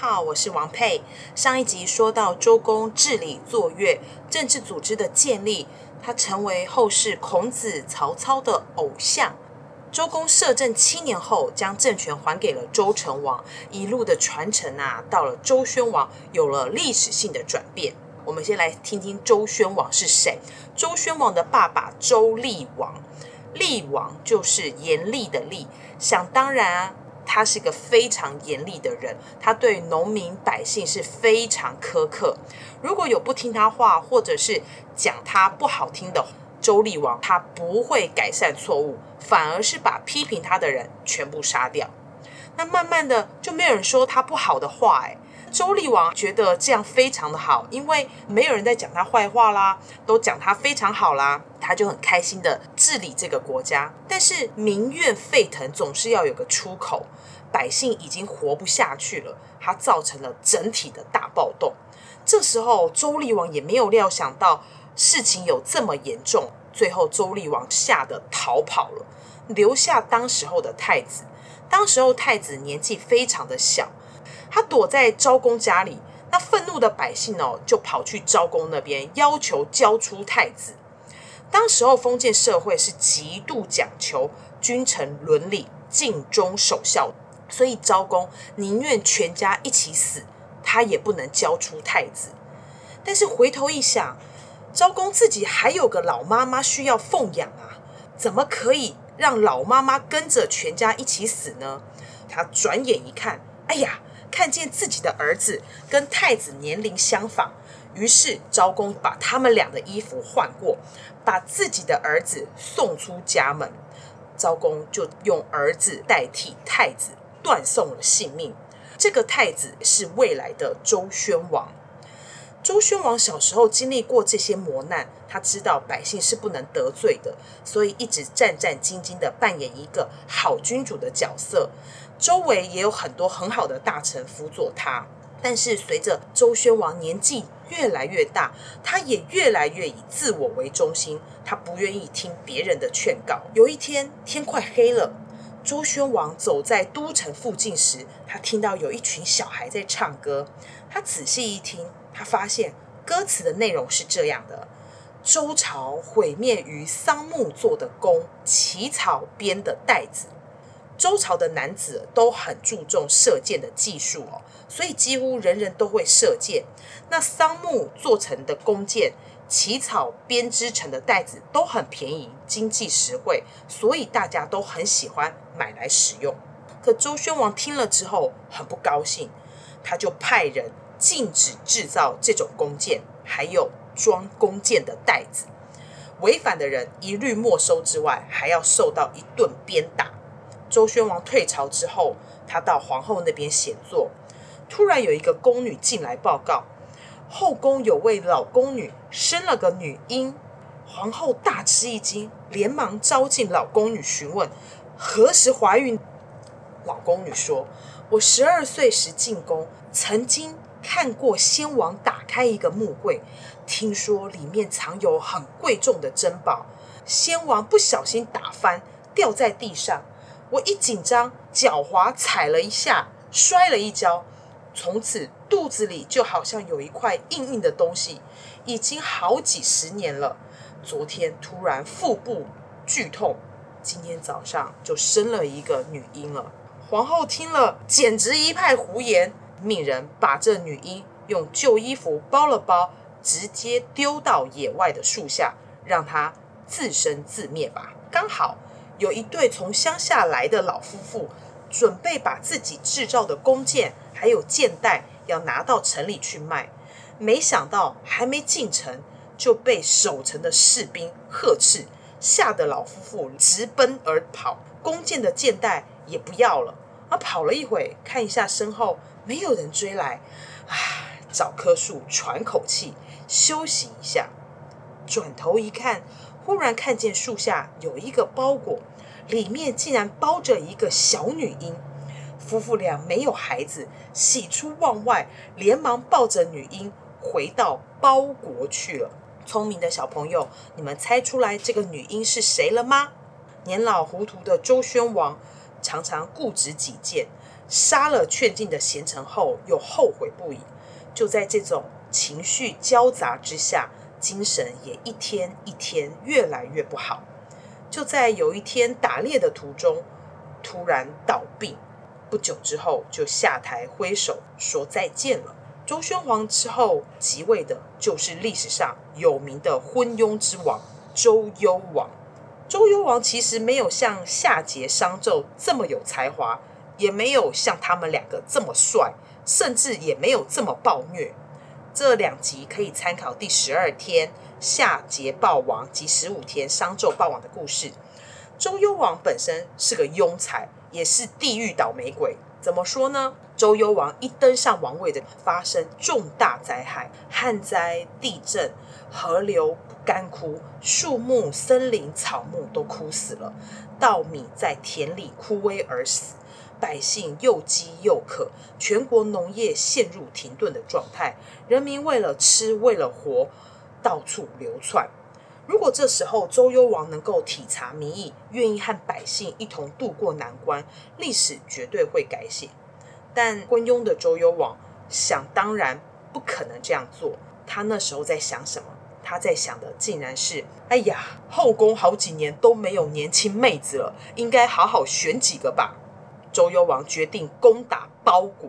好，我是王佩。上一集說到周公制禮作樂，政治組織的建立，他成為後世孔子，曹操的偶像。周公攝政七年後，將政權還給了周成王。一路的傳承啊，到了周宣王，有了歷史性的轉變。我們先來聽聽周宣王是誰？周宣王的爸爸周厲王，厲王就是嚴厲的厲。想當然啊。他是個非常嚴厲的人，他對農民百姓是非常苛刻。如果有不聽他話，或者是講他不好聽的周厲，周厲王他不會改善錯誤，反而是把批評他的人全部殺掉。那慢慢的就沒有人說他不好的話誒，周厲王覺得這樣非常的好，因為沒有人在講他壞話啦，都講他非常好啦，他就很開心的治理這個國家。但是民怨沸騰，總是要有個出口，百姓已經活不下去了，他造成了整體的大暴動。這時候周厲王也沒有料想到事情有這麼嚴重，最後周厲王嚇得逃跑了，留下當時候的太子。當時候太子年紀非常的小。他躲在昭公家裡，那憤怒的百姓哦，就跑去昭公那邊要求交出太子。當時候封建社會是極度講求君臣倫理、盡忠守孝，所以昭公寧願全家一起死，他也不能交出太子。但是回頭一想，昭公自己還有個老媽媽需要奉養啊，怎麼可以讓老媽媽跟着全家一起死呢？他轉眼一看，哎呀！看見自己的兒子跟太子年齡相仿，於是昭公把他們倆的衣服換過，把自己的兒子送出家門，昭公就用兒子代替太子，斷送了性命。這個太子是未來的周宣王。周宣王小時候經歷過這些磨難，他知道百姓是不能得罪的，所以一直戰戰兢兢地扮演一個好君主的角色。周圍也有很多很好的大臣輔佐他，但是隨着周宣王年紀越來越大，他也越來越以自我為中心，他不願意聽別人的勸告。有一天天快黑了，周宣王走在都城附近時，他聽到有一群小孩在唱歌，他仔細一聽，他發現歌詞的內容是這樣的：周朝毀滅於桑木做的弓，箕草編的袋子。周朝的男子都很注重射箭的技術哦，所以幾乎人人都會射箭。那桑木做成的弓箭，箕草編織成的袋子都很便宜、經濟實惠，所以大家都很喜歡買來使用。可周宣王聽了之後很不高興，他就派人，禁止製造這種弓箭，還有裝弓箭的袋子。違反的人一律沒收之外，還要受到一頓鞭打。周宣王退朝之後，他到皇後那邊寫作，突然有一個宮女進來報告，後宮有位老宮女生了個女嬰。皇後大吃一驚，連忙召進老宮女詢問何時懷孕。老宮女說：“我十二歲時進宮，曾經。”看過先王打開一個木櫃，聽說裡面藏有很貴重的珍寶。先王不小心打翻，掉在地上。我一緊張，腳滑踩了一下，摔了一跤。從此肚子裡就好像有一塊硬硬的東西，已經好幾十年了。昨天突然腹部劇痛，今天早上就生了一個女嬰了。皇后聽了，簡直一派胡言。命人把這女嬰用舊衣服包了包，直接丟到野外的樹下，讓她自生自滅吧。剛好有一對從鄉下來的老夫婦，準備把自己制造的弓箭還有箭袋，要拿到城裡去賣，沒想到還沒進城就被守城的士兵呵斥，嚇得老夫婦直奔而跑，弓箭的箭袋也不要了。而跑了一會，看一下身後。沒有人追來，啊！找棵樹喘口氣，休息一下。轉頭一看，忽然看見樹下有一個包裹，裡面竟然包着一個小女嬰。夫婦倆沒有孩子，喜出望外，連忙抱着女嬰回到褒國去了。聰明的小朋友，你們猜出來這個女嬰是誰了嗎？年老糊塗的周宣王常常固執己見。殺了勸諫的賢臣後，又後悔不已，就在這種情緒交雜之下，精神也一天一天越來越不好。就在有一天打獵的途中，突然倒閉，不久之後就下台揮手說再見了。周宣王之後即位的，就是歷史上有名的昏庸之王，周幽王。周幽王其實沒有像夏桀、商紂這麼有才華。也沒有像他們兩個這麼帥，甚至也沒有這麼暴虐。這兩集可以參考第十二天夏桀暴王及十五天商紂暴王的故事。周幽王本身是個庸才，也是地獄倒霉鬼。怎麼說呢？周幽王一登上王位的，發生重大災害，旱災、地震、河流乾枯，樹木、森林、草木都枯死了，稻米在田裡枯萎而死。百姓又飢又渴，全國農業陷入停頓的狀態，人民為了吃、為了活，到處流竄。如果這時候周幽王能夠體察民意，願意和百姓一同渡過難關，歷史絕對會改寫。但昏庸的周幽王想當然不可能這樣做。他那時候在想什麼？他在想的竟然是：哎呀，後宮好幾年都沒有年輕妹子了，應該好好選幾個吧。周幽王決定攻打褒國，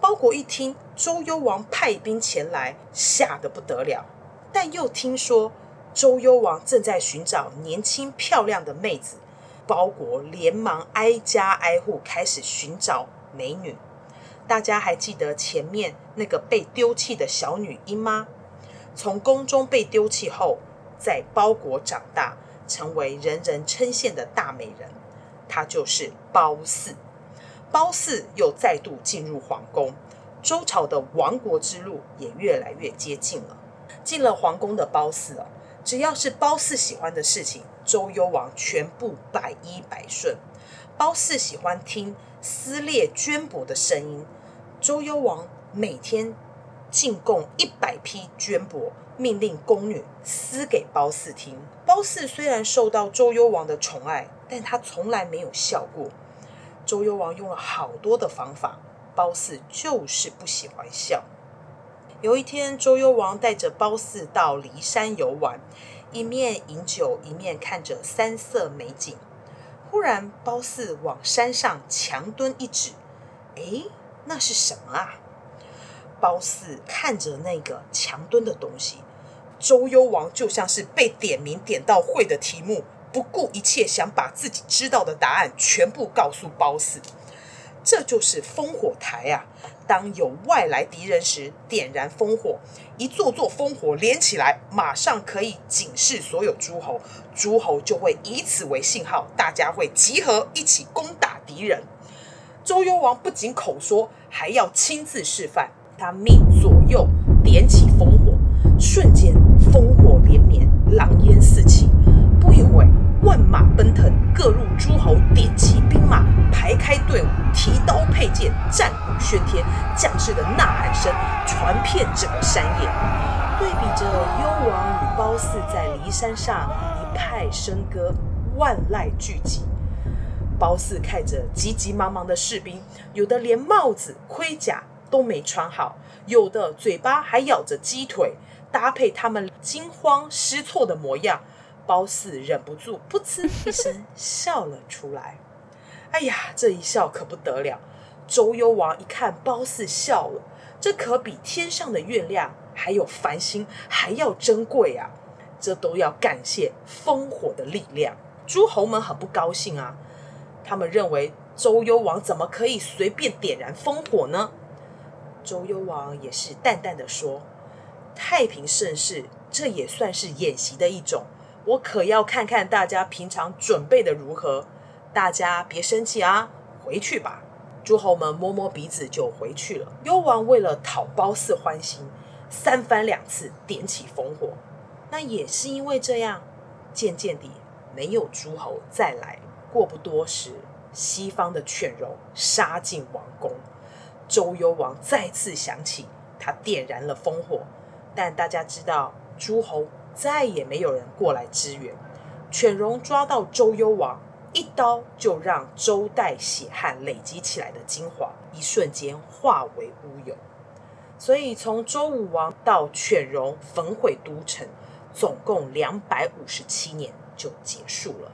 褒國一聽周幽王派兵前來，嚇得不得了。但又聽說周幽王正在尋找年輕漂亮的妹子，褒國連忙挨家挨戶開始尋找美女。大家還記得前面那個被丟棄的小女嬰嗎？從宮中被丟棄後，在褒國長大，成為人人稱羨的大美人。她就是褒姒。褒姒又再度進入皇宮，周朝的亡國之路也越來越接近了。進了皇宮的褒姒啊，只要是褒姒喜歡的事情，周幽王全部百依百順。褒姒喜歡聽撕裂絹帛的聲音，周幽王每天進貢一百匹絹帛，命令宮女撕給褒姒聽。褒姒雖然受到周幽王的寵愛，但她從來沒有笑過。周幽王用了好多的方法，褒姒就是不喜歡笑。有一天，周幽王帶着褒姒到驪山遊玩，一面飲酒，一面看着山色美景。忽然，褒姒往山上牆墩一指：“哎，那是什麼啊？”褒姒看着那個牆墩的東西，周幽王就像是被點名點到會的題目。不顧一切想把自己知道的答案全部告訴褒姒，這就是烽火台啊！當有外來敵人時，點燃烽火，一座座烽火連起來，馬上可以警示所有諸侯，諸侯就會以此為信號，大家會集合一起攻打敵人。周幽王不僅口說，還要親自示範。他命左右點起烽火，瞬間烽火連綿，狼烟四起。不一會，萬馬奔騰，各路諸侯點齊兵馬，排開隊伍，提刀佩劍，戰鼓喧天，將士的吶喊聲傳遍整個山野。對比着幽王與褒姒在驪山上一派笙歌，萬籟俱寂。褒姒看着急急忙忙的士兵，有的連帽子、盔甲都沒穿好，有的嘴巴還咬着雞腿，搭配他們驚慌失措的模樣。褒姒忍不住“噗嗤”一聲笑了出來。哎呀，這一笑可不得了！周幽王一看褒姒笑了，這可比天上的月亮還有繁星還要珍貴啊！這都要感謝烽火的力量。諸侯們很不高興啊，他們認為周幽王怎麼可以隨便點燃烽火呢？周幽王也是淡淡的說：“太平盛世，這也算是演習的一種。”我可要看看大家平常準備的如何。大家別生氣啊，回去吧。諸侯們摸摸鼻子就回去了。幽王為了討褒姒歡心，三番兩次點起烽火。那也是因為這樣，漸漸地沒有諸侯再來。過不多時，西方的犬戎殺進王宮，周幽王再次想起他點燃了烽火，但大家知道諸侯。再也沒有人過來支援，犬戎抓到周幽王，一刀就讓周代血汗累積起來的精華，一瞬間化為烏有。所以從周武王到犬戎焚毀都城，總共兩百五十七年就結束了。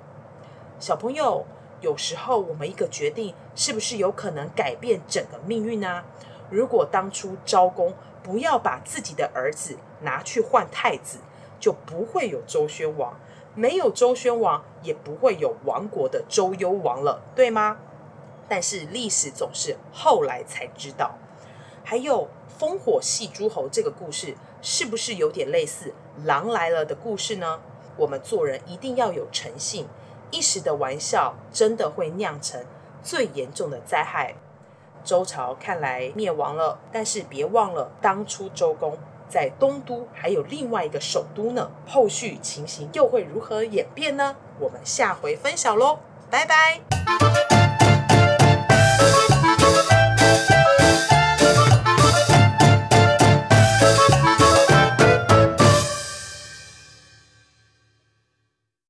小朋友，有時候我們一個決定，是不是有可能改變整個命運呢、啊？如果當初召公不要把自己的兒子拿去換太子？就不會有周宣王，沒有周宣王，也不會有亡國的周幽王了，對嗎？但是歷史總是後來才知道。還有烽火戲諸侯這個故事，是不是有點類似狼來了的故事呢？我們做人一定要有誠信，一時的玩笑真的會釀成最嚴重的災害。周朝看來滅亡了，但是別忘了當初周公。在東都還有另外一個首都呢，後續情形又會如何演變呢？我們下回分享嘍，拜拜。